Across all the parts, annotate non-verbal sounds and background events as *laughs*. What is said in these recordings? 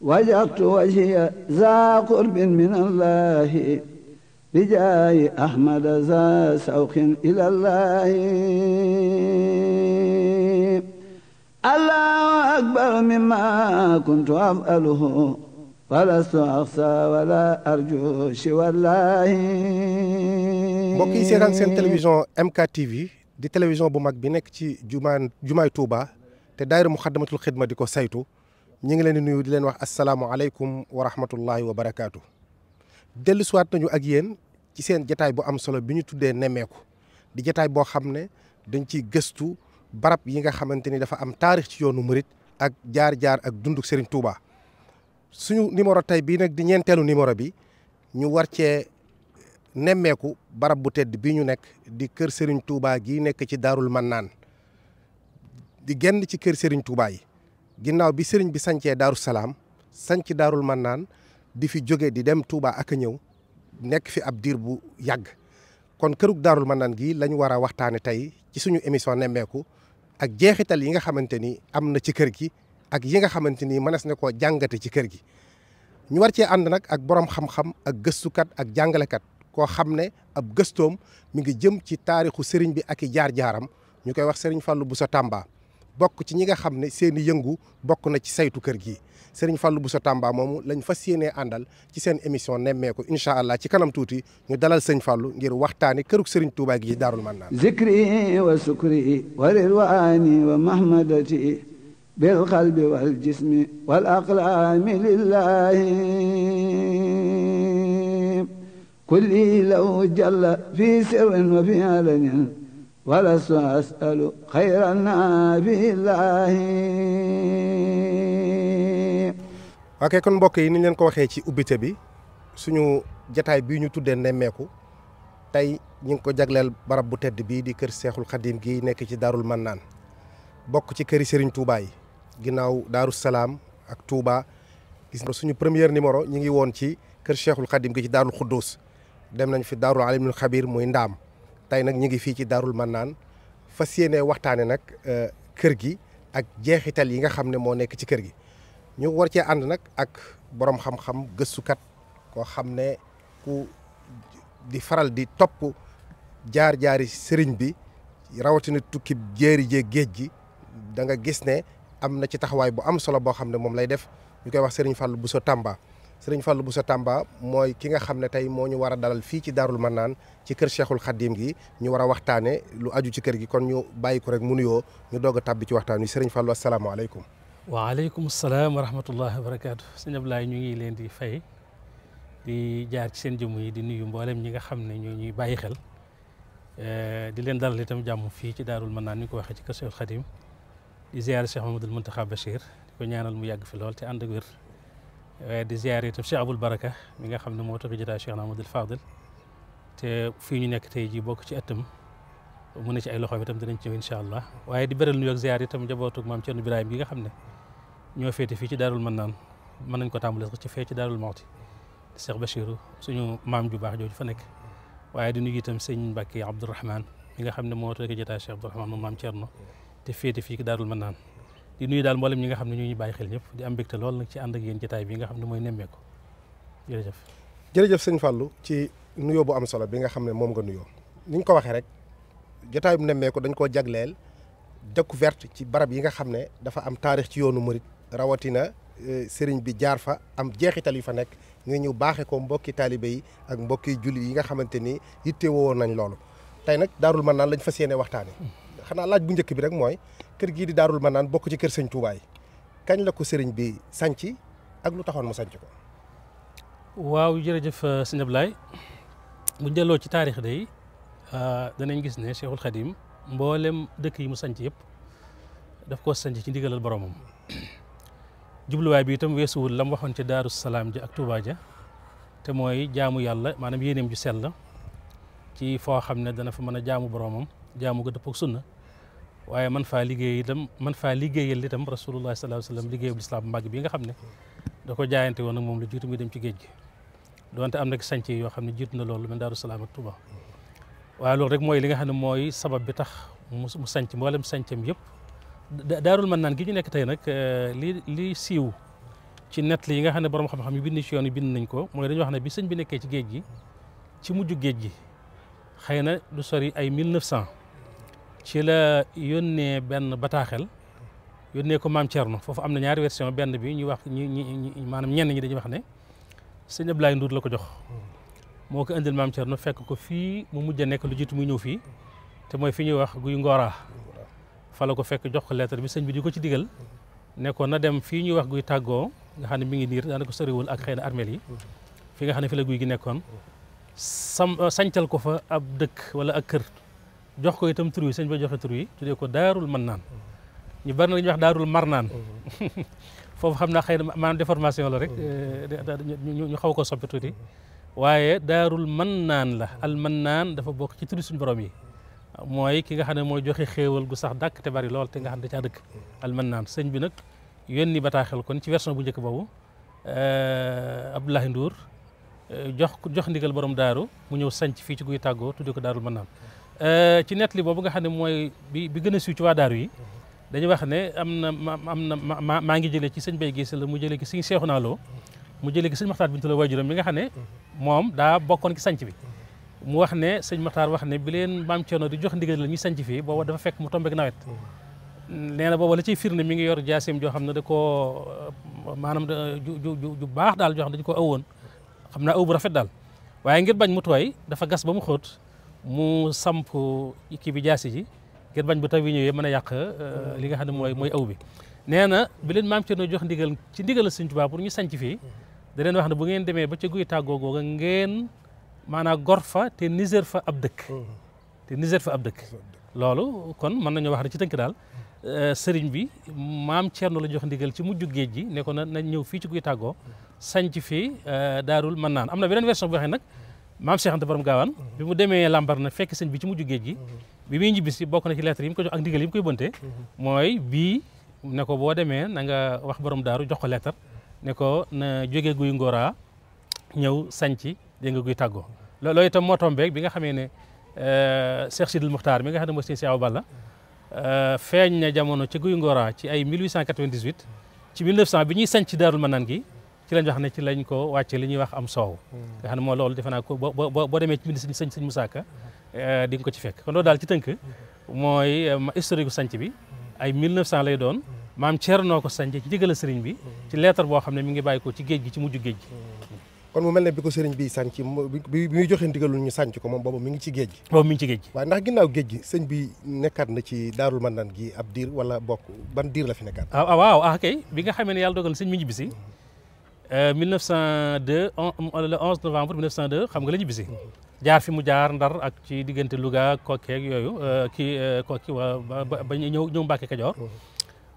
وجهت وجهي ذا قرب من الله بجاه أحمد ذا سوق إلى الله الله أكبر مما كنت أفعله ولست أخشى ولا أرجو سوى الله mbokk yi seetaan seen télévision MKTV di télévision bu mag bi nekk ci jumaa jumaay Touba te daayira Muxaddamatul Xidma di ko saytu ñu ngi leen di nuyu di leen wax asalaamualeykum wa rahmatullahi wa barakaatu. dellu siwaat nañu ak yéen ci seen jataay bu am solo bi ñu tuddee nemmeeku di jataay boo xam ne dañ ciy gëstu barab yi nga xamante ni dafa am taarix ci yoonu murit ak jaar-jaar ak dunduk sëriñ Touba. suñu numéro tey bii nag di ñeenteelu numéro bi ñu war cee nemmeeku barab bu tedd bi ñu nekk di kër sëriñ Touba gii nekk ci Daarul Mannaan di genn ci kër sëriñ Touba yi. ginnaaw bi sëriñ bi sancee daaru salaam sanc daarul mannaan di fi jóge di dem Touba ak a ñëw nekk fi ab diir bu yàgg kon kërug daarul mannaan gi lañu war a waxtaane tey ci suñu émission nemmeeku ak jeexital yi nga xamante ni am na ci kër gi ak yi nga xamante ni mën mënees na koo jàngate ci kër gi ñu war cee ànd nag ak borom xam-xam ak gëstukat ak jàngalekat koo xam ne ab gëstoom mu ngi jëm ci taarixu sëriñ bi ak i jaar-jaaram ñu koy wax sëriñ Fallou Bousso Tamba bokk ci ñi nga xam ne seen i yëngu bokk na ci saytu kër gi sëriñ Fallou Bousso Tamba moomu lañ fas yéenee àndal ci seen émission ko incha allah ci kalam tuuti ñu dalal sëñ Fallou ngir waxtaani këruk sëriñ Touba gi daarul mannaan zikri wa sukri wa ridwaani wa mahmadati bil qalbi wal jismi wa fi ولست أسأل خير النبي الله ok kon mbokk yi ni leen ko waxee ci ubbite bi suñu jataay bii ñu tuddee nemmeeku tey ñu ngi ko jagleel barab bu tedd bii di kër Seexul Xadiim gi nekk ci Daarul Mannaan bokk ci këri Serigne Touba yi ginnaaw Daaru Salaam ak Touba gis suñu premier numéro ñu ngi woon ci kër Seexul Xadiim gi ci Daarul Xudduus dem nañ fi Daarul Alimul Xabiir muy Ndaam tey nag ñu ngi fii ci Darul Mannaan fas yéene waxtaane nag euh, kër gi ak jeexital yi nga xam ne moo nekk ci kër gi ñu war cee ànd nag ak boroom xam-xam gëstukat koo xam ne ku di faral di topp jaar-jaari sëriñ bi rawatina tukki jéeri jee géej gi danga gis ne am na ci taxawaay bu am solo boo xam ne moom lay def ñu koy wax sëriñ bu Bousso Tamba sëriñ bu sa tàmba mooy ki nga xam ne tey moo ñu war a dalal fii ci Daarul Mannaan ci kër Cheikhul Khadim gi ñu war a waxtaane lu aju ci kër gi kon ñu bàyyi rek mu nuyoo ñu doog tàbbi ci waxtaan wi sëriñ Fallou asalaamaaleykum. waaleykum salaam wa rahmatullahi wa barakaatu sëñ Ablaye ñu ngi leen di fay di jaar ci seen jëmm yi di nuyu mboolem ñi nga xam ne ñoo ñuy bàyyi xel eh, di leen dalal itam jàmm fii ci Daarul Mannaan ni ko waxee ci kër Cheikhul Khadim di ziare Cheikh Mamadou Mountakha Bachir di mu yàgg fi lool te ànd waaye eh, di ziare itam Cheikh Abul Baraka mi nga xam ne mooto moo tax jotaay Cheikh Ahmadul Fadil te fii ñu nekk tey jii bokk ci ëttam mu ne ci ay loxoom itam dinañ ci ñëw incha allah waaye di beral nuyoo ak ziare itam njabootug maam Thierno Birahim gi nga xam ne ñoo féete fii ci Daarul Mannaan mën nañ ko tàmbalee sax ci fee ci Daarul Mawti di Cheikh Bachirou suñu maam ju baax jooju fa nekk waaye di nuyu itam sëñ Mbacke Abdourahman mi nga xam ne mooto tax jotaay a Abdourahman moom maam Thierno te féete fii ci Daarul Mannaan di nuyu daal mboolem ñi nga xam ne ñu ngi bàyyi xel ñëpp di am mbégte lool nag ci ànd ak yéen jotaay bi nga xam ne mooy nemmeeku ci nuyoo bu am solo bi nga xam ne moom nga nuyoo ni ñu ko waxee rek jotaay bu nemmee ko dañ koo jagleel découverte ci barab yi nga xam ne dafa am taarix ci yoonu murit rawatina e, sëriñ bi jaar fa am jeexital yu fa nekk nga ñëw baaxee ko mbokki taalibe yi ak mbokki julli yi nga xamante ni yittewoo woon nañ loolu tey nag daarul mën naan lañ fas yéene waxtaane mm. xanaa laaj bu njëkk bi rek mooy kër gii di daarul manaan bokk ci kër sëñ Touba kañ la ko sëriñ bi sanc ak lu taxoon mu sanc ko. waaw jërëjëf euh, sëñ Ablaye bu delloo ci taarix day euh, danañ gis ne Cheikhul Khadim mboolem dëkk yi mu sañc yépp daf koo sanc ci ndigalal boromam. *clears throat* jubluwaay bi itam weesuwul la mu waxoon ci daaru salaam ja ak Touba ja te mooy jaamu yàlla maanaam yéeneem ju sell ci foo xam ne dana fa mën a jaamu boromam jaamu ko dëpp ak sunna waaye man faa liggéey itam man faa liggéeyal li tam sallallahu alayhi wa sallam liggéeyu lislaam bu màgg bi nga xam ne da ko jaayante woon ak moom lu jiitu muy dem ci géej gi donte am nag sanc yoo xam ne jiitu na loolu men daaru salaam ak Tuuba waaye loolu rek mooy li nga xam ne mooy sabab bi tax mu sanc mboolem sancam yëpp daarul man naan gi ñu nekk tey nag eh, li li siiw ci net li yi nga xam ne borom xam-xam yi bind ci yoon yi bind nañ ko mooy dañu wax ne bi sëñ bi nekkee ci géej gi ci mujj géej gi xëy na du sori ay 1900 ci la yónnee benn bataaxel yónnee ko maam Thierno foofu am na ñaari version benn bi ñu wax ñu ñu maanaam ñenn ñi dañuy wax ne sëñ Ablaye Ndour la ko jox moo ko indil maam Thierno fekk ko fii mu mujj a nekk lu jiitu mu ñëw fii te mooy fi ñuy wax guy Ngora fa la ko fekk jox ko lettre bi sëñ bi di ko ci digal nekkoon na dem fii ñuy wax guy tàggoo nga xam ne mi ngi niir daanaka soriwul ak xëy na armeel yi fi nga xam ne fi la guy gi nekkoon sam sañcal ko fa ab dëkk wala ak kër. jox ko itam tur yi sëñ ba joxe tur yi ko daarul man mannaan ñu bari na la ñuy wax *laughs* xam naa xëy na maanaam déformation la rek mm-hmm. eh, ñu xaw ko soppi tuuti mm-hmm. waaye daarul man naan la al naan dafa bokk ci turi suñu borom yi mooy ki nga xam ne mooy joxe xéewal gu sax dàkk te bari lool te nga xam ne caa dëkk mm-hmm. al mannaan sëñ bi nag yónni bataaxel kon ci version bu njëkk boobu eh, Abdoulaye Ndour eh, jox jox ndigal borom daaru mu ñëw sanc fii ci guy tàggoo tudde ko daarul mannaan Euh, ci nettali boobu nga xam ne mooy bi bi gën a siiw ci waa daar yi mhm. dañuy wax ne am na am na maa ngi jëlee ci sëñ Bay gis la mu jëlee ci sëñ naa loo mu jëlee ci sëñ Maxtaar Bintu la waajuram mi nga xam ne mhm. moom daa bokkoon ci bi mhm. mu wax ne sëñ Maxtaar wax ne bi leen maam Ceerno di jox ndigal la ñuy sanc fii booba dafa fekk mu tombeek nawet nee na booba la ciy firnde mi ngi yor jaasim joo xam ne da koo maanaam ju ju baax daal joo dañ ne dañu ko awoon xam naa aw bu rafet daal waaye ngir bañ mu tooy dafa gas ba mu xoot mu samp kii bi jaasi ji ngir bañ bu taw bi ñëwee mën a yàq euh, li nga xam ne mooy mooy aw bi nee na bi leen maam Cerno jox ndigal ci ndigal Sëñ Tuubaa pour ñu sanc fii da wax ne bu ngeen demee ba ca guy tàggoo googa ngeen maanaam gor fa niser fa ab dëkk te fa ab dëkk loolu kon mën nañoo wax ne ci tënk daal euh, sëriñ bi maam Cerno la jox ndigal ci mujj géej gi ne ko na nañ ñëw fii ci guy tàggoo sanc fii euh, daarul mën naan am na beneen version boo xam nag maam Cheikh Anta borom gaawaan bi mu demee lambar na fekk sëñ bi ci mujj géej gi bi muy ñibbisi bokk na ci lettre yi mu ko jox ak ndigal yi mu koy bënte mooy bii ne ko boo demee na nga wax borom daaru jox ko lettre ne ko na jóge guy ngóoraa ñëw sanc dégg nga guy tàggoo loolu itam moo tombeek bi nga xamee ne euh, Cheikh Sidil Muxtaar bi nga xam ne moo sëñ Cheikh Awa Balla euh, feeñ na jamono ci guy ngóoraa ci ay 1898 ci bi ñuy sanc daarul manaan gi ci lañ wax ne ci lañ ko wàcce li ñuy wax am soow nga xam ne moo loolu defe naa boo demee ci bind sëñ sëñ Musaa Ka eh, di ko ci fekk kon loolu daal ci tënk mooy eh, historique sanc bi ay 1900 lay doon maam Ceernoo ko sanc ci ndigal bi ci leetar boo xam ne mu ngi bàyyi ko ci géej gi ci mujj géej kon mu mel ne bi ko sëriñ bi sanc bi muy joxe ndigalul ñu sanc ko moom boobu mi ngi ci géej gi boobu mi ngi ci géej gi waaye ndax ginnaaw géej gi sëñ bi nekkaat na ci daarul mandaan gi ab diir wala bokk ban diir la fi nekkaat ah, ah waaw ah kay bi nga xamee ne yàlla dogal sëñ 1902 euh, le 11 novembre 1902 xam nga la ñibbisi jaar fi mu jaar ndar ak ci diggante Louga Koki ak yooyu euh, kii euh, Koki waa ba ñëw ñëw Mbàkke Kajoor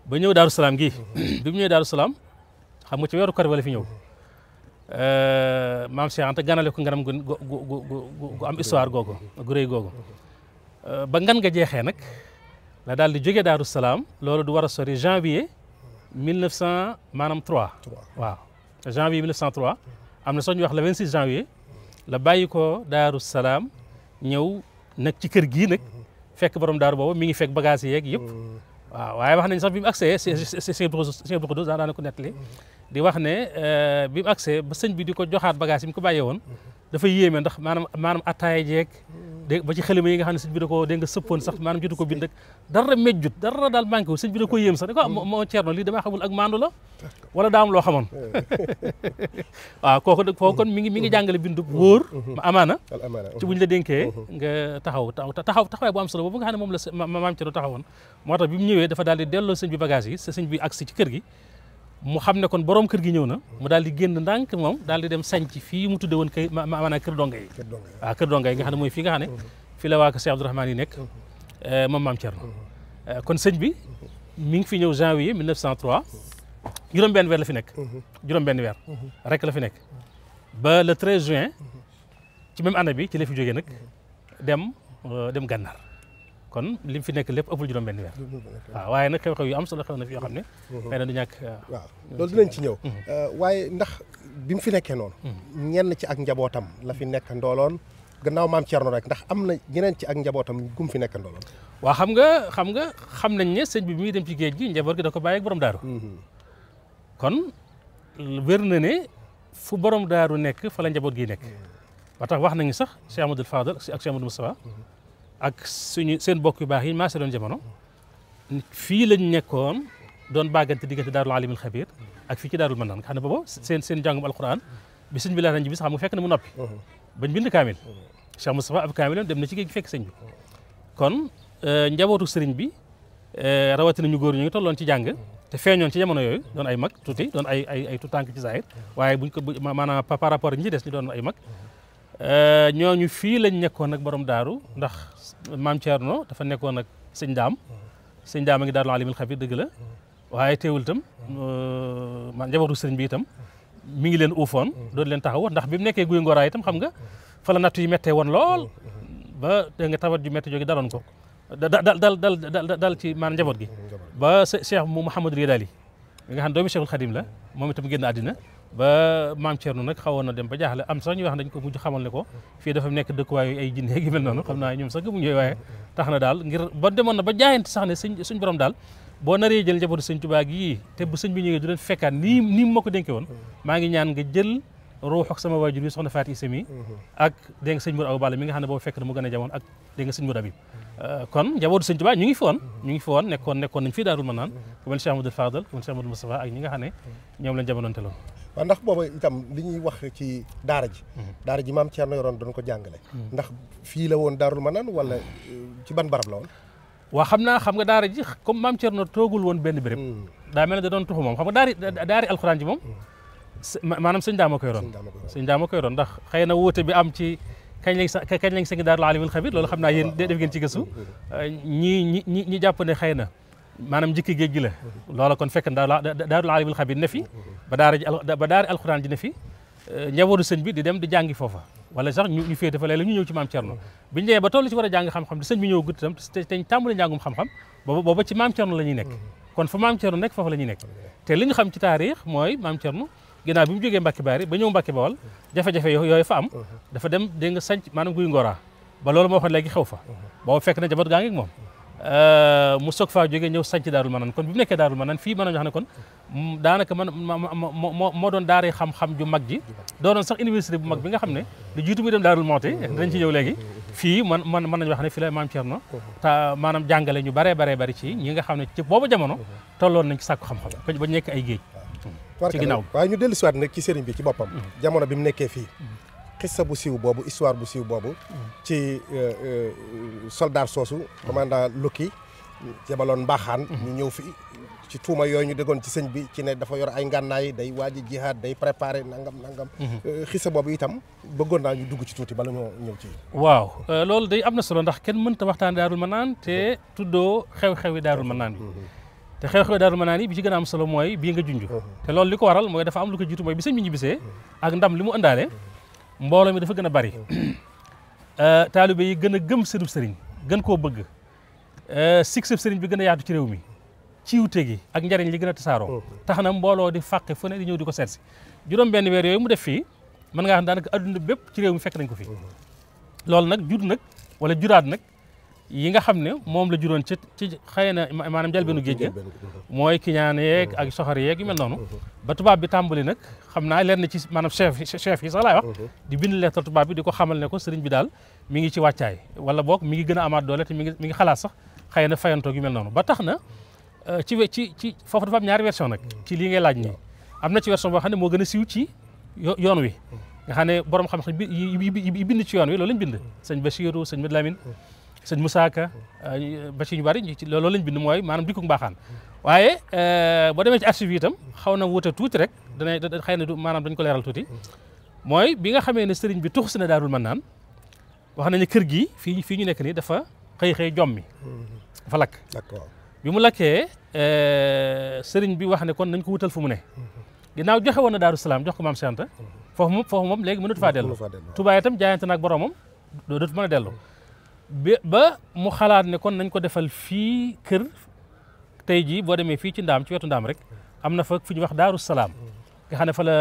ba ñëw Daaru Salaam gii bi mu Salaam xam nga ci weeru Korite wala fi ñëw maam Cheikh Anta ganale ko nganam gu gu gu am gu rëy googu ba ngan nga jeexee nag la daal di jógee Daaru Salaam loolu du war a sori janvier 1900 maanaam 3 janvier 1903 am na soo ñu wax le 26 janvier la bàyyi ko Daaru Salaam nag ci kër gii nag fekk borom daaru boobu mi ngi fekk bagages yeeg yëpp waaw waaye wax nañ sax bi mu accès Sëñ Abdou Khoudoss daa daana ko nettali di wax ne euh, bi mu accès ba sëñ bi di ko joxaat bagage yi mu ko bàyyee woon dafa yéeme ndax maanaam maanaam attaaya dégg ba ci xalima yi nga xam ne sëñ bi da ko dégg sëppoon sax maanaam jotu ko bind rek dara mejjut dara daal manqué wu sëñ bi ko yéem sax da ko ah, moo ceerno lii damaa xamul ak maandu la wala daam loo xamoon *laughs* waaw kon mi ngi mi ngi jàngale bindu wóor mm-hmm. ma amaana ci buñ la denkee mm-hmm. nga taxaw taxaw taxawaay bu am solo boobu nga xam moom la maam ceerno taxawoon moo tax bi mu ñëwee dafa daal di delloo sëñ bi bagage yi sëñ bi agsi ci kër gi mu xam ne kon borom kër gi ñëw na mu daal di génn ndànk moom daal di dem sanc fii mu tudde woon kay maanaam kër donga yi waaw kër donga ah, yi nga xam ne mooy fii nga xam ne fii la waa ko Cheikh nekk eh, moom maam Thierno eh, kon sëñ bi mi ngi fi ñëw janvier 1903 juróom-benn weer la fi nekk juróom-benn weer rek la fi nekk ba le 13 juin ci même année bi ci la fi jógee nag dem euh, dem gànnaar kon li fi nekk lépp ëppul juróom benn weer waaw waaye nag xew-xew yu am solo xew na fi yoo xam ne mhm. xëy na du ñàkk ah. waaw loolu dinañ ci ñëw mhm. euh, waaye ndax bi mu fi nekke noonu mhm. ñenn ci ak njabootam la fi nekk ndooloon gannaaw maam rek ndax am na ñeneen ci ak njabootam gum fi nekk ndooloon waa xam nga xam nga xam nañ ne sëñ bi muy dem ci géej gi njaboot gi da ko bàyyi ak borom daaru kon wér na ne fu borom daaru nekk fala njaboot gi nekk ba tax wax nañu sax Cheikh Amadou Fadal ak Cheikh Amadou Moustapha ak suñu seen bokk yu baax yi maase doon jamono fii lañ nekkoon doon bàggante diggante daarul alimul xabir ak fii ci daarul manaan nga xam ne seen seen jàngum alquran bi sëñ bi laata ñu bi sax mu fekk na mu noppi uh-huh. bañ bind kaamil Cheikh Moustapha ab kaamilam dem na ci géej gi fekk sëñ bi kon euh, njabootu sëriñ bi euh, rawatina ñu góor ñu ngi tolloon ci jàng te feeñoon ci jamono yooyu doon ay mag tuuti doon ay ay ay ci zaahir waaye buñ ko maanaam par rapport ak ñi des ñu doon ay mag Euh, ñooñu fii lañ nekkoon nag borom daaru ndax maam Thierno dafa nekkoon nag sëñ daam sëñ daam a ngi daarul alimul xabir dëgg la waaye teewul itam euh, man njabootu sëriñ bi itam mi ngi leen uufoon doon leen ndax mu nekkee guy ngoraay itam xam nga fa la natt woon lool ba da nga tawat ju métti jóge ko dal dal dal dal ci maanaam njaboot gi ba Cheikh Mouhamadou Ridaali mi nga xam doomi Cheikhul Khadim moom itam génn àddina ba maam Thierno nag xawoon na dem ba jaaxle am sax ñuy wax dañ ko mujj xamal ne ko fii dafa nekk dëkkuwaayu ay jinne gi mel noonu xam naa ñoom sax gëmuñu waaye tax na daal ngir ba demoon na ba jaayante sax ne sëñ suñ daal boo naree jël njabootu sëñ Tuubaa gi te bu bi ñëwee du leen fekkaat nii nii ma ko dénke woon maa ngi ñaan nga jël ruux ak sama waajur bi a euh, ñu ngi fi woon ñu ngi fi woon nekkoon nekkoon nañ fii Daarul Manaan ku mel Cheikh Amadou Fadal ku mel ak ñi nga xam ñoom lañ jamonoonte loon waaw ndax booba itam li ñuy wax ci daara ji mhm. daara ji maam Thierno yoroon doon ko jàngale mhm. ndax fii la woon daarul manaan wala mhm. euh, ci ban barab la woon waaw xam naa xam nga daara ji comme maam Thierno toogul woon benn béréb daa mel ne da doon tuxu moom xam nga daari daari alxuraan ji moom maanaam sëñ daama koy roon sëñ daama koy roon ndax xëy na wuute bi am ci kañ lañ kañ lañ sëñ daarul alimul xabir loolu xam naa yéen def ngeen ci gëstu euh, ñi ñi ñi jàpp ne xëy na maanaam njëkki géej gi la loola kon fekk daarul alimul xabir ne fi ba daara ji ba daari alxuraan ji ne fi eh, njabootu sëñ bi di dem di jàngi foofa wala sax ñu féete fa léeg-léeg ñu ñëw ci maam Thierno bi ñu demee ba a xam-xam di sëñ bi ñëw gudd tam teñ tàmbali booba ci maam Thierno la ñuy nekk kon fa maam Thierno nekk foofa la ñuy nekk te li ñu xam ci taarix mooy maam Thierno ginnaaw bi mu jógee Mbacke Bari ba ñëw Mbacke Bawal jafe-jafe yooyu fa am dafa dem dégg nga sanc maanaam guy ngora ba loolu moo waxoon léegi xew fa booba fekk na jaboot moom Euh, mu soog faa jógee ñëw sanc daarul manaan kon bi mu nekkee daarul manaan fii mën nañu wax ne kon mm, daanaka man moo doon daaree xam-xam ju mag ji doonoon sax université bu mag bi nga xam ne lu jiitu muy dem daarul monte dañ ci ñëw léegi fii man man mën ne fii la maam Thierno te maanaam jàngale ñu baree baree bari ci ñi nga xam ne ci boobu jamono tolloon nañ ci sàkku xam-xam ba ñu nekk ay géej ci ginnaaw waaye ñu dellu siwaat nag ci sëriñ xissa bu siiw boobu histoire bu siiw boobu ci euh, euh, soldat soosu commandant Lukki jebaloon mbaaxaan ñu ñëw fi ci tuuma yooyu ñu déggoon ci sëñ bi ci ne dafa yor ay ngànnaay day waaji jihaad day préparé nangam nangam euh, xissa boobu itam bëggoon naa ñu dugg ci tuuti bala ñoo ñëw ci waaw loolu day am na solo ndax kenn mënta waxtaan daarul manaan te tuddoo xew-xewi daarul manaan bi te xew-xew daaru ma naan yi bi ci gën a am solo mooy bii nga junj te loolu li ko waral mooy dafa am lu ko jiitu bi sëñ bi ñibbisee ak ndam li mu ëndaale mbooloo mi dafa gën a bari mm. euh, taalibe yi gën a gëm seenub sëriñ gën koo bëgg euh, sigseb sëriñ bi gën a yaatu ci réew mi ciwte gi ak njariñ li gën a tasaaroo mm. tax na mbooloo di fàqe fu ne di ñëw di ko seetsi juróom benn weer yooyu mu def fii mën nga xam daanaka adduna bépp ci réew mi fekk nañ ko fi mm-hmm. loolu nag jur nag wala juraat nag yi nga xam ne moom la juróon ci ci xëy na maanaam jalbeenu géej ga mooy kiñaan yeeg ak soxor yeeg yu mel noonu mm-hmm. ba tubaab bi tàmbali nag xam naa leer na ci maanaam chef chef yi sax laay wax mm-hmm. di bind lettre tubaab bi di ko xamal ne ko sëriñ bi daal mi ngi ci wàccaay wala boog mi ngi gën a amaat doole te mi ngi mi ngi xalaat sax xëy na fayantoog yu mel noonu ba tax na euh, ci ci ci foofu dafa ñaari version nag mm-hmm. ci lii ngay laaj ni am na ci version boo xam ne moo gën a siiw ci yoon wi nga xam ne borom xam-xam yi bind ci yoon wi loolu lañ bind sëñ Bachirou sëñ Medlamine sëñ Moussa Ka ba ci ñu bari ci loolu lañ bind mooy maanaam dikkug mbaaxaan waaye eh, boo de ci archive itam xaw na wuute tuuti rek dana xëy na du maanaam dañ ko leeral tuuti mooy bi nga xamee ne sëriñ bi tux si na daarul mën naan wax nañu kër gi fii fii ñu nekk nii dafa xëy xëy jommi dafa lakk bi mu lakkee eh, sëriñ bi wax ne kon nañ ko wutal fu mu ne ginnaaw joxe woon na daaru salaam jox ko maam Cheikh Anta foofu moom foofu moom léegi mënatu faa dellu Tuubaa itam jaayante naag boromam a dellu ba mu xalaat ne kon nañ ko defal fii kër tey jii boo demee fii ci ndaam ci wetu ndaam rek am na fa fu ñuy wax daaru salaam nga xam ne fa la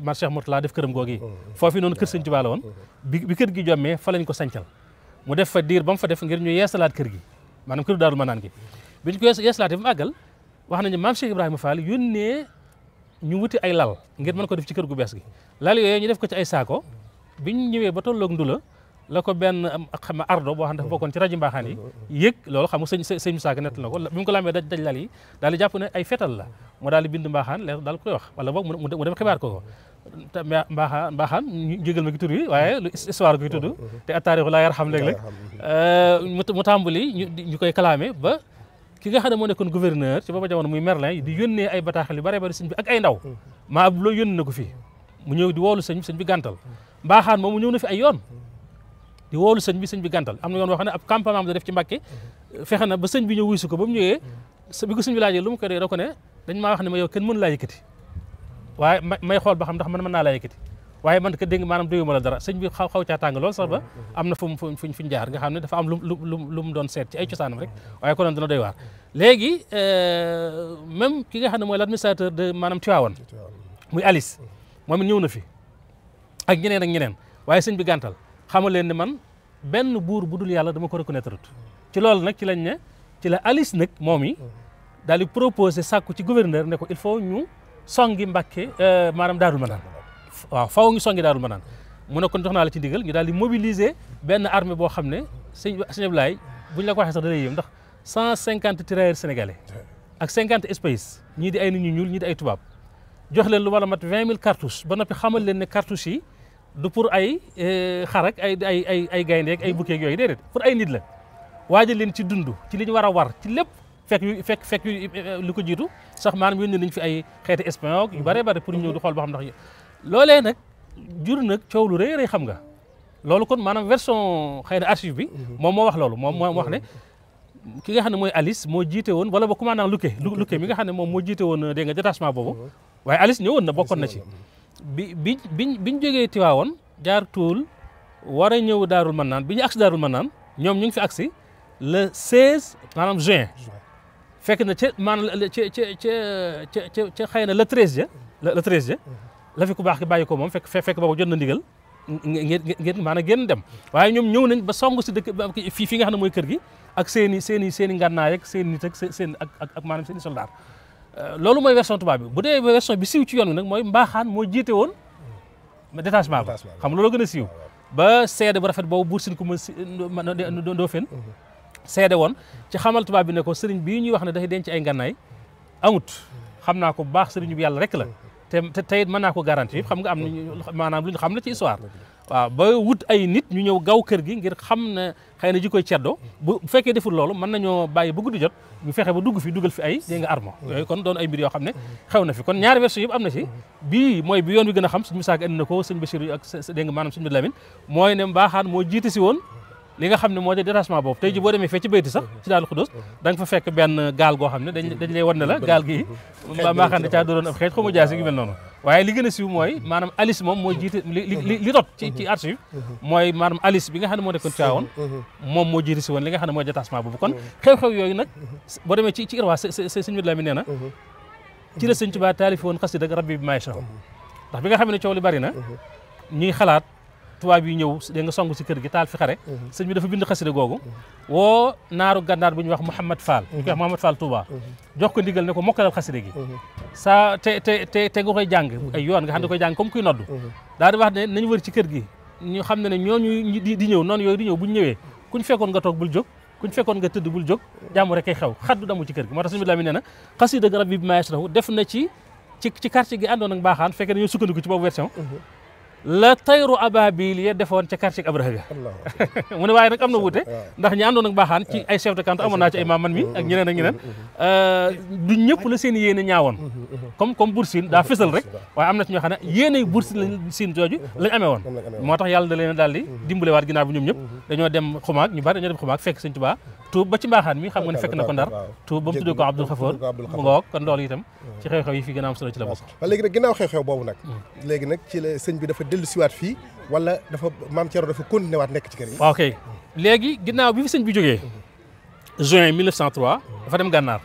man Cheikh Mourtala def këram googu yi foofu noonu kër Sëñ Tuubaa la bi kër gi jommee fa lañ ko sancal mu def fa diir ba mu fa def ngir ñu yeesalaat kër gi maanaam kër daarul manaan gi bi ñu ko yeesalaatee ba mu àggal wax nañu maam Cheikh Ibrahima Fall yónnee ñu wuti ay lal ngir mën ko def ci kër gu bees gi lal yooyu ñu def ko ci ay saako bi ñu ñëwee ba tolloog ndula la ko benn xam ardo boo xam ne dafa bokkoon ci rajo mbaaxaan yi yëg loolu xam nga sëñ sëñ Musaa Ka nettal na ko mu ko lambee daj daj lal daal di jàpp ne ay fetal la mu daal di bind mbaaxaan leer daal koy wax wala boog mu dem xibaar ko ko mbaaxaan mbaaxaan jégal ma ki tur yi waaye lu histoire koy tudd te attaarixu laa yar xam léeg-léeg euh, mu tàmbali ñu koy clamé ba ki nga xam ne moo nekkoon gouverneur ci booba jamono muy Merlin di yónnee ay bataaxal yu bare bari sëñ bi ak ay ndaw maa ab loo yónne na ko fii mu ñëw di woolu sëñ sëñ bi gàntal mbaaxaan moom mu ñëw na fi ay yoon di woolu sëñ bi sëñ bi gàntal am na yoon wax ne ab campement la def ci Mbàkke fexe na ba sëñ bi ñëw wuy si ko ba mu ñëwee bi ko sëñ bi laajee lu mu ko dee da ko ne dañ maa wax ne ma yow kenn mën laa yëkkati waaye may xool ba xam ndax man mën naa laa yëkkati waaye man ka dégg maanaam déggu ma la dara sëñ bi xaw xaw caa tàng lool sax ba am na fu mu fu ñu jaar nga xam ne dafa am lu lu lu mu doon seet ci ay cosaanam rek waaye ko doon dina doy waar léegi euh, même ki nga xam ne mooy l'administrateur de maanaam Tivaouane muy Alice moom it ñëw na fi ak ñeneen ak ñeneen waaye sëñ bi gàntal xamal leen ne man benn buur bu dul yàlla dama ko reconnaître ci loolu nag ci lañ ne ci la Alice nag moom yi daal di proposé sàkku ci gouverneur ne ko il faut ñu songi Mbàkke euh, maanaam Daarul Manaan waaw faw ngi songi Daarul Manaan mu ne kon jox naa la ci ndigal ñu daal di mobiliser benn armée boo xam ne sëñ sëñ Ablaye bu ñu la ko waxee sax da lay yëm ndax cent cinquante tirailleurs sénégalais ak cinquante espèces ñii di ay nit ñu ñuul ñii di ay tubaab jox leen lu war a mat vingt mille ba noppi xamal leen ne cartouches yi du pour ay eh, xar ak ay ay ay ay gaynde ak ay bukkee ak yooyu pour ay nit la waajal leen ci dund ci li ñu war a war ci lépp fek yu fekk fekk yu eh, eh, lu ko jiitu sax maanaam yónnee nañ fi ay xeeti espion yu bare bare pour ñëw di xool boo xam nax loole nag jur nag coow lu rëy rëy xam nga loolu kon maanaam version xëy na archive bi mhm. moom moo wax loolu moom moo wax ne ki nga xam mooy Alice moo jiite woon wala ba commandant Luque Luque mi nga xam moom moo jiite woon dégg nga détachement boobu mhm. waaye na bokkoon na ci bi bi biñ biñ jógee Tiwaawoon jaar Tuul war a ñëw Daarul naan bi ñu agsi Daarul Mannaan ñoom ñu ngi fi agsi le 16 maanaam juin fekk na ca maanaam ca ca ca ca ca xëy na le 13 ja le 13 ja mhm. la fi ku baax ki bàyyi ko moom fekk fekk boobu jot na ndigal ngeen ngeen maanaam génn dem waaye ñoom ñëw nañ ba song si dëkk fii fi nga xam ne mooy kër gi ak seen i seen i seen i ngànnaay ak seen nit ak seen ak ak maanaam seen i soldaar Euh, loolu mooy version tubaab bi bu dee version bi siiw ci yoon bi nag mooy mbaaxaan moo jiite woon ma hmm. détachement ba xam loolu gën a siw ah, ba seede bu rafet boobu buur sin ku ma si doo fen seede woon ci xamal tubaab bi ne ko sëriñ bii ñuy wax ne dafay denc ay ngànnaay amut hmm. xam naa ko baax sëriñu bi yàlla rek la hmm. te tey mën ko garanti mm-hmm. xam nga am na mm-hmm. maanaam lu ñu xam la ci histoire waaw ba wut ay nit ñu ñëw gaw kër gi ngir xam ne xëy na jikkoy ceddo mm-hmm. bu fekkee deful loolu mën nañoo bàyyi ba guddi jot ñu fexe ba dugg fi dugal fi ay dégg nga armo yooyu kon doon ay mbir yoo xam ne xew na fi kon ñaari version yëpp am na si bii mooy bi yoon wi gën a xam suñu Musaa Ka indi na ko sëñ Bachir ak dégg nga maanaam sëñ Lamin mooy ne mbaaxaan moo jiite si woon li nga xam ne moo di détachement boobu tey ji boo demee fee ci bayti sax ci daal xudus da fa fekk benn gaal goo xam ne dañ lay wan la gaal gi maa xam ne caa doon a siiw moom xam ne moo nekkoon moom moo jiite si woon li nga xam ne mooy détachement boobu kon xew-xew yooyu nag boo demee ci irwaa sëñ bi Lamin nee ci la sëñ Tuubaa taalifi woon xasida ak rabbi bi maay ndax bi nga xam ne coow li bari na xalaat tubaab yi ñëw da nga song si kër gi taal fi xare sëñ bi dafa bind xasida googu woo naaru gànnaar bu wax Mouhamad Fall ñu koy wax Mouhamad Fall jox ko ndigal ne nga xam ne koy jàng comme kuy nodd daal di wax ne nañ wër ci kër gi ñu xam ne ne ñooñu di ñëw noonu yooyu di ñëw buñ ñëwee kuñ fekkoon nga tëdd bul jóg jàmm rek ay xew xaddu damu ci kër gi moo tax sëñ bi Lamin nee na xasida rabbi bi maes def na ci ci quartier gi àndoon ak baaxaan fekkee dañoo sukkandiku ci boobu version la tayru ababil ya defoon ca quartier Abraha ga *laughs* mu waaye nag am na wuute ndax ñi àndoon ak baaxaan ci ah. ay chef de canton amoon naa ci ay maam man mi mm-hmm. ak ñeneen ak ñeneen mm-hmm. euh, du ñëpp la seen yéene ñaawoon mm-hmm. comme comme Buur daa fësal rek waaye am na ci ñoo xam ne yéene Buur lañ siin woon moo tax yàlla da leen daal di dimbale waat ginnaaw bi ñoom ñëpp dañoo dem xumaag ñu bari dañoo dem xumaag fekk Sëñ Tuubaa tuub ba ci mbaaxaan mi xam nga ne fekk na ko ndar tuub ba mu tuddee ko Abdul Xafoor mu ngoog kon loolu itam hmm. ci xew-xew yi fi gën a am la hmm. nag ci la sëñ bi dafa dellu siwaat fii wala dafa maam dafa continué waat nekk ci kër yi léegi ginnaaw bi fi sëñ bi jogee juin 1903 hmm. dafa dem gànnaar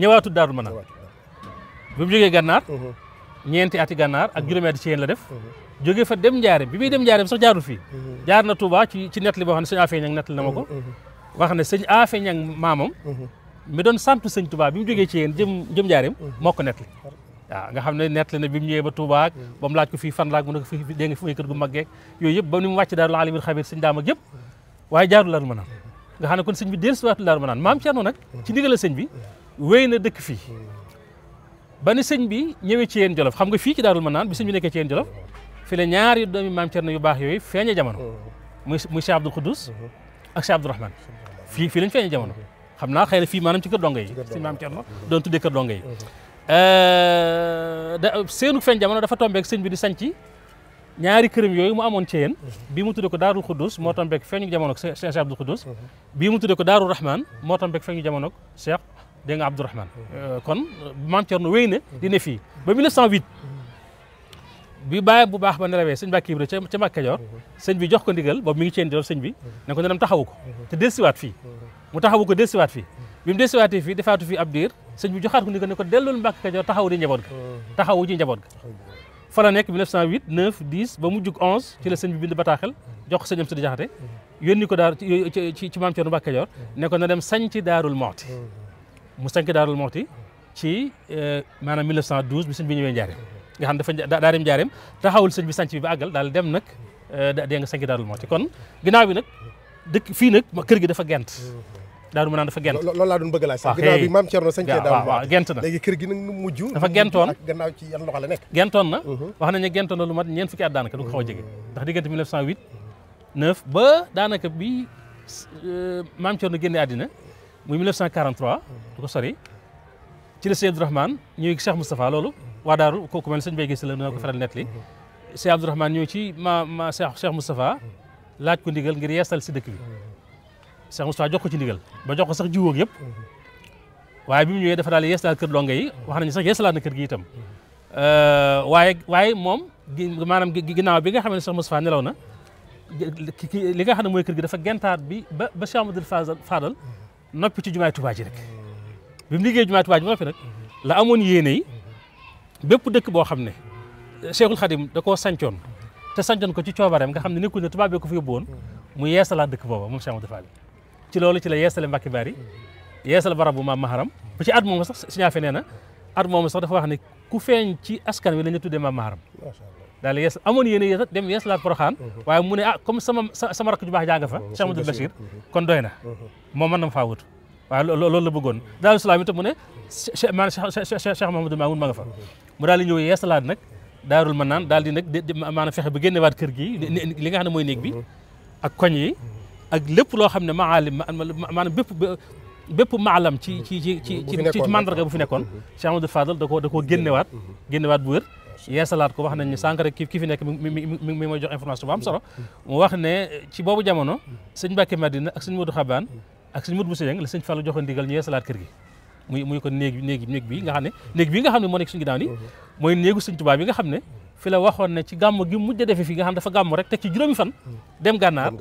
ñëwaatu daaru ma nag bi mu jógee gànnaar ñeenti ati gànnaar ak juróomi ati ci yéen la def jógee fa dem njaarem bi muy dem njaarem sax jaarul fi jaar na Touba ci ci li boo xam ne suñu affaire na ma ko wax ne sëñ Afe Ñang maamam mi doon sant sëñ tubaab bi mu jógee ci yéen jëm jëm njaareem moo ko nettali waaw nga xam ne nettali na bi mu ñëwee ba Touba ak ba mu laaj ko fii fan laak mu ne ko fii dégg nga fi may kër gu maggeeg yooyu yëpp ba ni mu wàcc daarul alimil xabir sëñ daam ak yëpp ma naan nga xam ne kon sëñ bi dellu si waatul laru ma naan maam Cerno nag ci ndigal sëñ bi wéy na dëkk fii ba ni sëñ bi ñëwee ci yéen jolof xam nga fii ci daarul ma naan bi sëñ bi nekkee ci yéen jolof fi la ñaari doomi maam Cerno yu baax yooyu feeña jamono muy muy Cheikh Abdoul Khoudous ak Cheikh Abdourahmane fii fii lañ feeñee jamono xam naa xëy na fii maanaam ci kër donga yi si maam Cerno doon tuddee kër donga yi mhm. euh, da seenu feeñ jamono dafa tombeek sëñ bi di sanci ñaari këram yooyu mu amoon ci bi mhm. bii mu tudde ko daarul xuddus moo tombeek feeñu jamono ak Cheikh Abdoul Xuddus mhm. bii mu ko daarul rahman moo tombeek feeñu jamono ak Cheikh dégg nga Abdourahman euh, kon maam Cerno wéy na fi ne fii ba 1908 bi bàyyi bu baax ba rawee sëñ Mbàkke Ibra ca Mbàkke Kajoor mhm. sëñ bi jox ko ndigal boobu mi ngi ceen di bi mhm. ne ko ne dem taxawu ko mhm. mu taxawu ko delsiwaat bi defaatu fii ab diir sëñ bi joxaat ko ndigal ne dellul Mbàkke Kajoor taxawu di njaboot ga taxawu ji njaboot ga fa la nekk 1908 9 ba mu jug 11 ci la sëñ bi bind bataaxel jox ko sëñ Amsadu Jaxate yónni daar ci maam Cerno Mbàkke Kajoor ne ko na dem sañc daarul moxti mu sañc daarul moxti ci eh, maanaam 1912 bi sëñ nga xam dafa daa dem jaareem taxawul sëñ bi ba àggal daal dem nag euh, dee nga sanc daarul moo ci kon ginnaaw bi nag dëkk fii nag kër gi dafa gent daaru mën naan dafa gent loolu laa doon bëgg laaj sax ginnaaw bi maam Thierno sancee daaru waaw na léegi kër gi nag nu mujj dafa gentoon gannaaw la nekk gentoon mhm. lu mat ñeent fukki at daanaka du ko a jege mm. ndax diggante 1908 9 ba daanaka bi euh, maam Thierno génne àddina muy 1943 du ko sori ci la Seydi Abdourahmane ñëw Cheikh Moustapha loolu waa daaru kooku man sëñ Bay gis la dina ko faral nettali Cheikh Abdourahmane ñëw ci ma ma Cheikh Moustapha laaj ko ndigal ngir yeesal si bi Cheikh Moustapha jox ko ci ndigal ba jox ko sax jiwoog yëpp waaye bi mu ñëwee dafa daal yeesalaat kër donga yi wax nañu sax yeesalaat na kër gi itam waaye waaye moom maanaam ginnaaw bi nga xam ne Cheikh Moustapha nelaw na li nga xam ne mooy kër gi dafa gentaat bi ba ba Cheikh Amadou Fadal noppi ci jumaay Touba ji rek bi mu liggéey jumaay bépp dëkk boo xam ne Cheikhul Khadim da koo sancoon te sancoon ko ci coobareem nga xam ne nekkul ne tubaab bi ko fi yóbbu woon mu yeesalaat dëkk booba moom Cheikh Amadou Fall ci loolu ci la yeesale Mbacke Bari yeesal barabu maam maharam bu ci na at moomu sax dafa wax ne ku feeñ ci askan wi la ñu tuddee maam maharam daal di yees amoon yéen a dem yeesalaat comme sama sama rakk ju baax kon na moom mën ma faa wut waaye loolu la bëggoon Daaru Salaam itam mu ne maanaam Cheikh Mahamadou Mamoun ma nga fa mu daal di ñëw yeesalaat nag daarul ma naan daal di nag maanaam fexe ba génnewaat kër gi li nga xam ne mooy néeg bi mhm. ak koñ yi ak lépp loo xam ne maalim maanaam bépp bépp maalam ci ci ci ci mhm. ci mandarga bu fi nekkoon mhm. Cheikh Amadou Fadal da ko da koo génnewaat génnewaat bu wér yeesalaat ko wax nañ ne sànq rek ki fi nekk mi mi mi jox information bu am solo mu wax ne ci boobu jamono sëñ Mbacke Madina ak sëñ Modou Xabaan ak sëñ Modou Bousso Dieng la sëñ Fallou joxoon ndigal ñu yeesalaat kër gi muy muy ko néeg néeg néeg bi nga xam ne néeg bi nga xam ne moo nekk suñu ginnaaw ni mooy néegu Sëñ Tuubaa bi nga xam ne fi la waxoon ne ci gàmm gi mujj a defe fi nga xam dafa gàmm rek teg ci juróomi fan dem gànnaar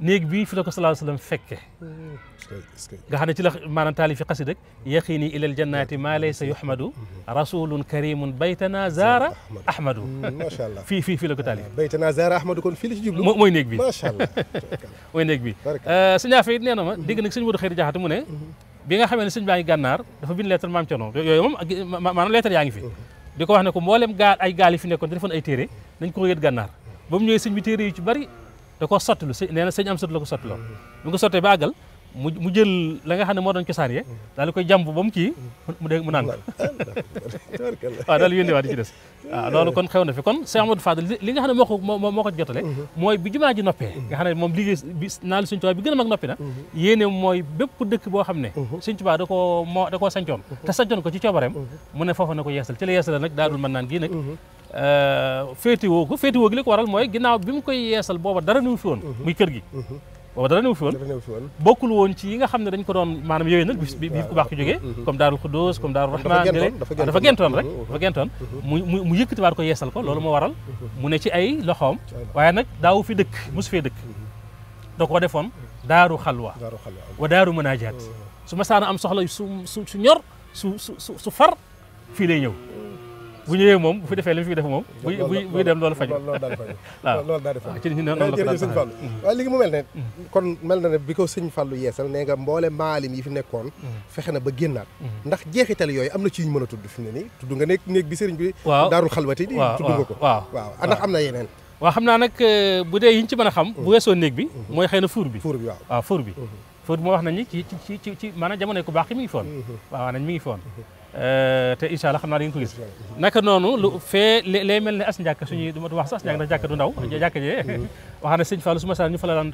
néeg bi fi la ko sallallahu alayhi wasallam fekke nga xam ne ci la maanaam taalif yi xasida yaqini ilal jannati maa laysa yuhmadu rasulun karimun baytana zaara ahmadu macha allah fii fii fii la ko taalif ah, baytana zaara ahmadu kon fii la ci jublu mooy néeg bi macha allah *laughs* mooy néeg bi suñaa euh, fa it nee na ma dégg nag bi nga xamee ne sëñ baa ngi gànnaar dafa bind lettre maam Cerno yooyu moom maanaam lettre yaa ngi fi mhm. di ko wax ne ko mboolem ay gaal yi fi nekkoon te defoon ay téere nañ ko yët gànnaar ba mu ñëwee bi téere yu ci bari da ko sottlu nee na sëñ am sot la ko sottuloo mhm. bi nga sottee ba àggal mu mu jël la nga xam ne moo doon cosaan ye mm-hmm. daal di koy jàmb ba mu ci mm-hmm. mu dee mu naan *laughs* *laughs* waaw daal yónni waa di ci des *laughs* waaw loolu kon xew na fi kon Cheikh Amadou Fadal li nga xam ne moo ko moo ko jotale mm-hmm. mooy bi jumaa ji noppee nga xam ne moom liggéey bi naa li Sëñ bi gën a mag noppi na yéene mooy bépp dëkk boo xam ne Sëñ Tuubaa da koo moo da koo sancoon te sancoon ko ci coobareem mu ne foofu na ko yeesal ci la yeesal nag daa dul mën naan gii nag euh, féeti woo ko féeti woo waral mooy ginnaaw bi mu koy yeesal booba dara niwu fi woon muy kër waa dara newu fi woon bokkul woon ci yi nga xam ne dañ ko doon maanaam yooyu nag bi fi ku baax ki jógee mm-hmm. comme daarul xudóos comme daarul rahman ah, dafa gentoon rek dafa gentoon mm-hmm. mu mu yëkkatiwaat ko yeesal ko loolu moo waral mm-hmm. mu ne ci ay loxoom waaye nag daawu fi dëkk mosu fee dëkk da ko defoon daaru xalwa wa daaru mënaajaat su ma saana am soxla su su ñor su su su far fii lay ñëw bu ñëwee moom bu fi defee li mu fi def moom. buy buy buy dem loolu faju loolu daal faju *laughs* waaw loolu daal di faju ci nit ñi noonu la ko daan sëñ Fallou waaye léegi mu mel ne mm. kon mel na ne bi ko sëñ Fallou yeesal nee nga mboole maalim yi fi nekkoon mm. fexe na ba génnaat mm. ndax jeexital yooyu am na ci ñu mën a tudd fi mu ne nii tudd nga nekk néeg bi sëriñ bi waaw daarul xalwati di tudd nga ko waaw waaw ndax am na yeneen waaw xam naa nag euh, bu dee yi ñu ci mën a xam bu weesoo néeg bi mm-hmm. mooy xëy na fuur bi fuur bi waaw fuur bi mm-hmm. fuur bi moo wax nañu ci ci ci ci maanaam jamono ku baax ki mi ngi foon mm-hmm. waaw nañ mi ngi foon Euh, te incha allah xam naa da ngeen ko gis naka noonu lu fee lay mel ne as njàkk suñuy du ma wax sax as njàkk ndax jàkk du ndaw jàkk jee mm-hmm. wax na sëñ Fallou su ma saan ñu fa la daan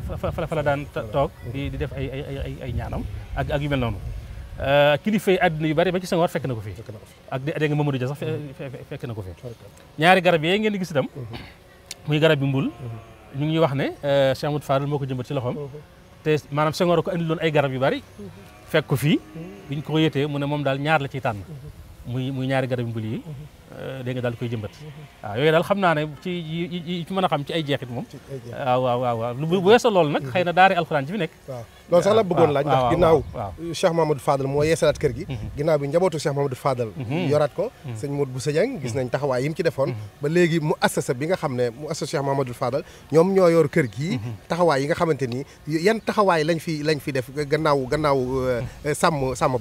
fa la daan toog di di def ay ay ay ñaanam ak ak yu mel noonu euh, kilifa yi àdduna yu bari ba ci Senghor fekk na ko fi ak dégg nga Mamadou Dia sax fekk na ko fi ñaari garab yee ngeen gis itam mm-hmm. muy garab bi mbul mm-hmm. ñu ngi wax ne euh, Cheikh Amadou Fall moo ko jëmbat ci loxoom te maanaam Senghor ko andi loon fekk ko fii biñ ko yëtee mu ne moom daal ñaar la ciy tànn muy muy ñaari garab yu yi Euh, dégg nga daal koy jëmbat waaw yooyu daal xam naa ne ci yi ci mën a xam ci ay jeexit moom waaw waaw waaw waaw lu weesoo nag xëy na daari alxuraan ci fi nekk waaw sax la bëggoon laaj ndax mhm. bi njabootu Cheikh Mamadou Fadal mhm. yoraat ko mhm. sëñ gis nañ taxawaay yi mu ci defoon ba léegi mu assasa bi nga xam ne mu assasa Cheikh Mamadou ñoo yor kër gi taxawaay yi nga xamante ni yan taxawaay lañ fi euh,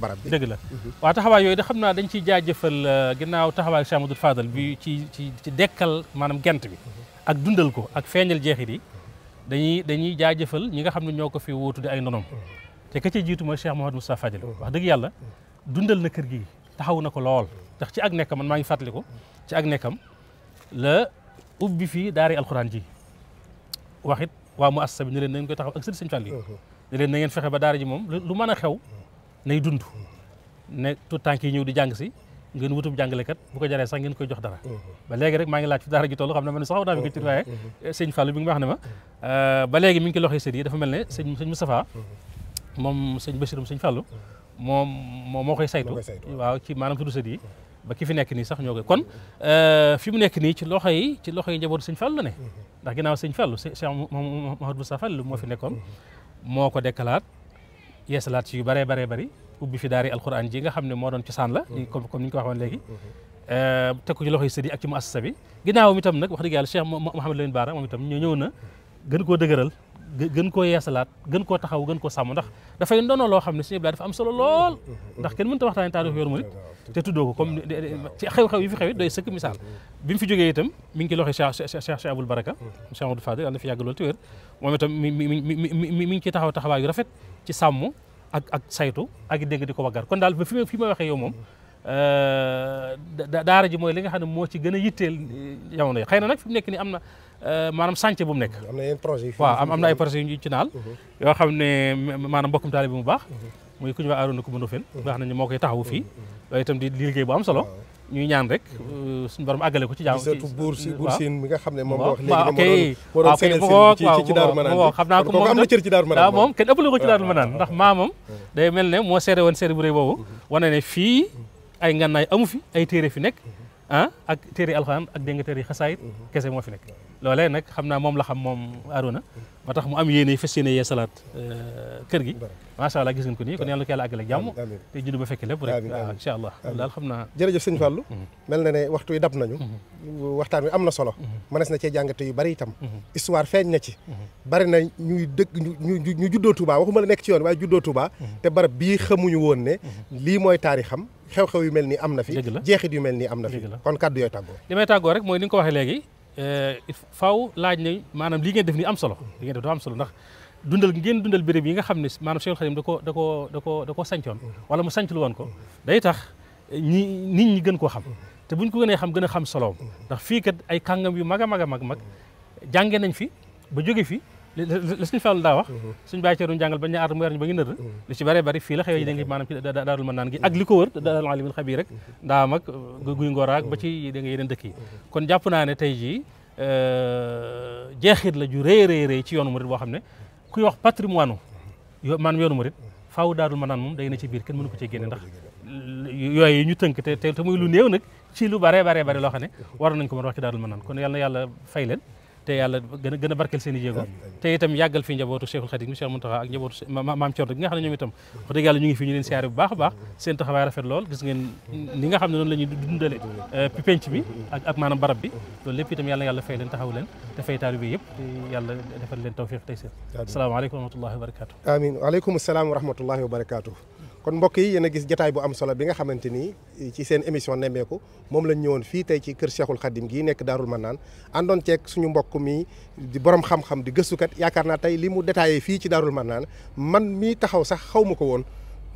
barab bi dëgg la waaw taxawaay yooyu da xam naa dañ ciy jaajëfal euh, ginnaaw taxawaay Amadou Fadal bi ci ci ci dekkal maanaam gent bi ak dundal ko ak feeñal jeexit yi dañuy dañuy jaajëfal ñi nga xam ne ñoo ko fi wóotu di ay ndonom te ka ci jiitu mooy Cheikh Mouhamadou Moustapha Fadil mm. wax dëgg yàlla dundal na kër gi taxaw na ko lool ndax ci ak nekkam man maa ngi ko ci ak nekkam la ubbi fii daari alxuraan ji waxit waa mu assa bi ne leen nañ koy taxaw ak sëriñ Sëñ Fall yi mm-hmm. ne leen na ngeen fexe ba daara ji moom lu mën a xew mm. nay dund ne tout tànk yi ñëw ngeen wutub jàngalekat bu ko jaree sax ngeen koy jox dara ba léegi rek maa ngi laaj fi daara ji toll xam ne eh, bi nga wax ne ma eh, ba léegi mi ngi koy loxee sët yi dafa mel ne sëñ sëñ Moustapha moom sëñ Bachirum sëñ Fallou moom moo moo koy saytu waaw ci maanaam tudd sët yi ba ki fi nekk nii sax ñoo koy kon eh, fi mu nekk nii ci loxo yi ci loxo yi njabootu sëñ Fallou la ne ndax ginnaaw sëñ Fallou Cheikh Mouhamadou Moustapha Fallou moo fi nekkoon moo ko dekkalaat yeesalaat ci yu baree baree bari ubbi fi daari alquran ji nga xam ne moo doon cosaan la mhm. comme comme ni ñu ko waxoon léegi mhm. euh, teg ko ci loxoy sëriñ ak ci muassasa bi ginnaaw mi tam nag wax dëgg yàlla Cheikh Mouhamadou Lamine Bara moom itam ñëw na gën koo dëgëral gën koo yeesalaat gën koo taxaw gën koo sàmm ndax dafay ndono loo xam ne suñu dafa am solo lool mhm. ndax kenn mënta waxtaane taarix yor murit te tuddoo ko comme ci xew-xew yi fi xewit doy sëkk misaal bi mu fi jógee itam mi ngi ci loxoy Cheikh Cheikh Aboul Baraka Cheikh Amadou Fadil yàlla na fi yàgg loolu te wér moom itam mi mi mi mi ngi ci taxaw taxawaay yu rafet ci sàmm ak ak saytu ak dégg di ko waggar kon daal fi fi ma waxee yow moom euh, daara ji mooy li nga xam ne moo ci gën a yitteel euh, jamono yi xay na nag fi mu nekk ni am na euh, maanam chantier bu nekk. am na yenn waaw am na ay projet yu ci naal. Mhm. yoo xam ne maanaam mbokkum taalibe mu baax. Mhm. muy ku ñu wax Arouna Coumba Ndoffène. Mhm. nga xam ne moo koy taxawu fii. loolu itam di liggéey bu am solo. ñuy ñaan rek euh, suñu borom àggale ko ci jàmm gisatu buur si buur mi nga xam ne moom nga wax léegi moo doon seenal si xam naa ko moom am na cër ci ma Manaan moom ken ëppale ko ci Daaru ah, Manaan ah, ndax ah. maamam mm-hmm. day mel ne moo seere woon seere bu rëy boobu mm-hmm. wane ne fii mm-hmm. ay ngannaay amu fi ay téere fi nekk ah ak téere alxuraan ak dégg nga téere kese moo fi nekk loolee nag xam naa moom la xam moom Arouna moo tatax mu am yéene fas yéene yee salaat euh, kër gi macha allah gis ngeen ko nii kon yàlla na ko yàlla la jàmm te jund ba fekkee lépp rek waaw incha allah xam naa jërëjëf sëñ Fallou mm-hmm. mel na ne waxtu yi dab nañu mm-hmm. waxtaan wi am na solo mënees mm-hmm. na cee jàngate yu bari itam histoire feeñ na ci bari na ñuy dëkk ñu ñu juddoo Touba waxuma la nekk ci yoon waaye juddoo Touba te barab bii xamuñu woon ne lii mooy taarixam xew-xew yu mel nii am na fi jeexit yu mel nii am na fi kon kàddu yooyu tàggoo li may tàggoo rek mooy ni nga ko waxee léegi faw laaj ne maanaam li ngeen def ni am solo li ngeen def dafa am solo ndax dundal ngeen dundal béréb yi nga xam ne maanaam Cheikhul Khadim da ko da ko da ko da ko sancoon wala mu sanc woon ko day tax ñi nit ñi gën koo xam te buñ ko gënee xam gën a xam soloom ndax fii kat ay kàngam yu mag a mag a mag mag jànge nañ fi ba jóge fi li suñu fàllu daa wax mhm. suñu bàyyi ceeruñ jàngal ba ñu aar mu yar ñu ba ngi nëdd mhm. lu ci bëree bëri la xewee yi da nga mhm. maanaam ci naan gi ak li wër daarul alimul xabiir rek ndaa ba da nga yeneen dëkk yi kon jàpp naa ne tey jii euh, jeexit la ju rëy rëy ci yoonu murit boo xam ne kuy wax patrimoine u maanaam yoonu murit faaw daarul mën naan moom day na ci biir kenn mënu ko cee génne ndax yooyu ñu tënk te te lu néew nag ci lu bare bare bare loo xam ne war nañ ko mën wax ci daarul mën naan kon yàlla na yàlla fay leen te yàlla gën a gën a barkeel seen i jéego te itam yàggal fi njabootu Cheikhul Khadim mi Cheikh Mountakha ak njabootu maam Thierno gi xam ne ñoom itam wax dëgg yàlla ñu fi ñu leen siyaare bu baax a baax seen taxawaay rafet lool gis ngeen ni xam ne noonu la dundale euh, penc bi ak ak maanaam barab bi loolu yàlla yàlla leen taxaw leen te fay taalibe yëpp te yàlla defal leen tawfiq tey seen salaam wa rahmatullahi wa kon mbokk yi yéen a gis jataay bu am solo bi nga xamante ni eh, ci seen émission nemmeeku moom lañ ñëwoon fii tey ci kër seexul Khadim gii nekk Daarul Manaan àndoon ceeg suñu mbokk mi di borom xam-xam di gëstukat yaakaar naa tey li mu détaillé fii ci Daarul Manaan man mii taxaw sax xaw ma ko woon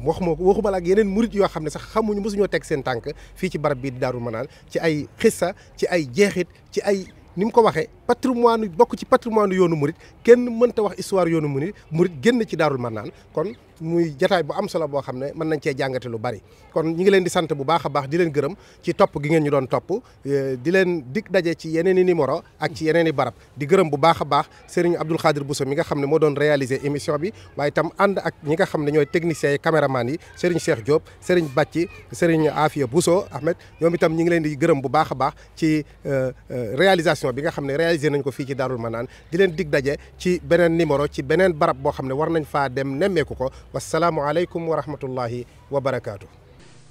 wax ma ko waxuma ak yeneen murit yoo xam ne sax xamuñu mosuñoo teg seen tànk fii ci barab bii di Daarul Manaan ci ay xissa ci ay jeexit ci ay ni mu ko waxee patrimoine bokk ci patrimoine yoonu murit kenn mënta wax histoire yoonu murit murit génn ci Daarul Manaan kon muy jataay bu am solo boo xam ne mën nañ cee jàngate lu bari kon ñi ngi leen di sant bu baax a baax di leen gërëm ci topp gi ngeen ñu doon topp eh, di leen dig daje ci yeneen i numéro ak ci yeneen i barab di gërëm bu baax a baax Serigne Abdoul Khadir Bousso mi nga xam ne moo doon réaliser émission bi waaye itam ànd ak ñi nga xam ne ñooy technicien yi caméraman yi Serigne Cheikh Diop Serigne Bàcci Serigne Afia Bousso Ahmed ñoom itam ñi ngi leen di gërëm bu baax a baax ci eh, eh, réalisation bi nga xam ne réaliser nañ ko fii ci ma naan di leen dig daje ci beneen numéro ci beneen barab boo xam ne war nañ faa dem nemmeeku ko wassalaamu aleykum wa rahmatullahi wa barakaatu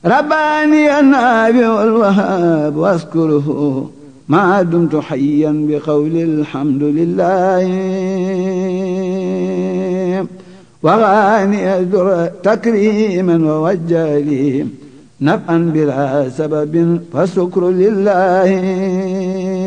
rabbaani annaabi walwahab waskuruhu ma dumtu hayyan bi qawli alhamdulillahi wa gaani adura takriman wa wajjali naf'an bila sababin fa sukru lillahi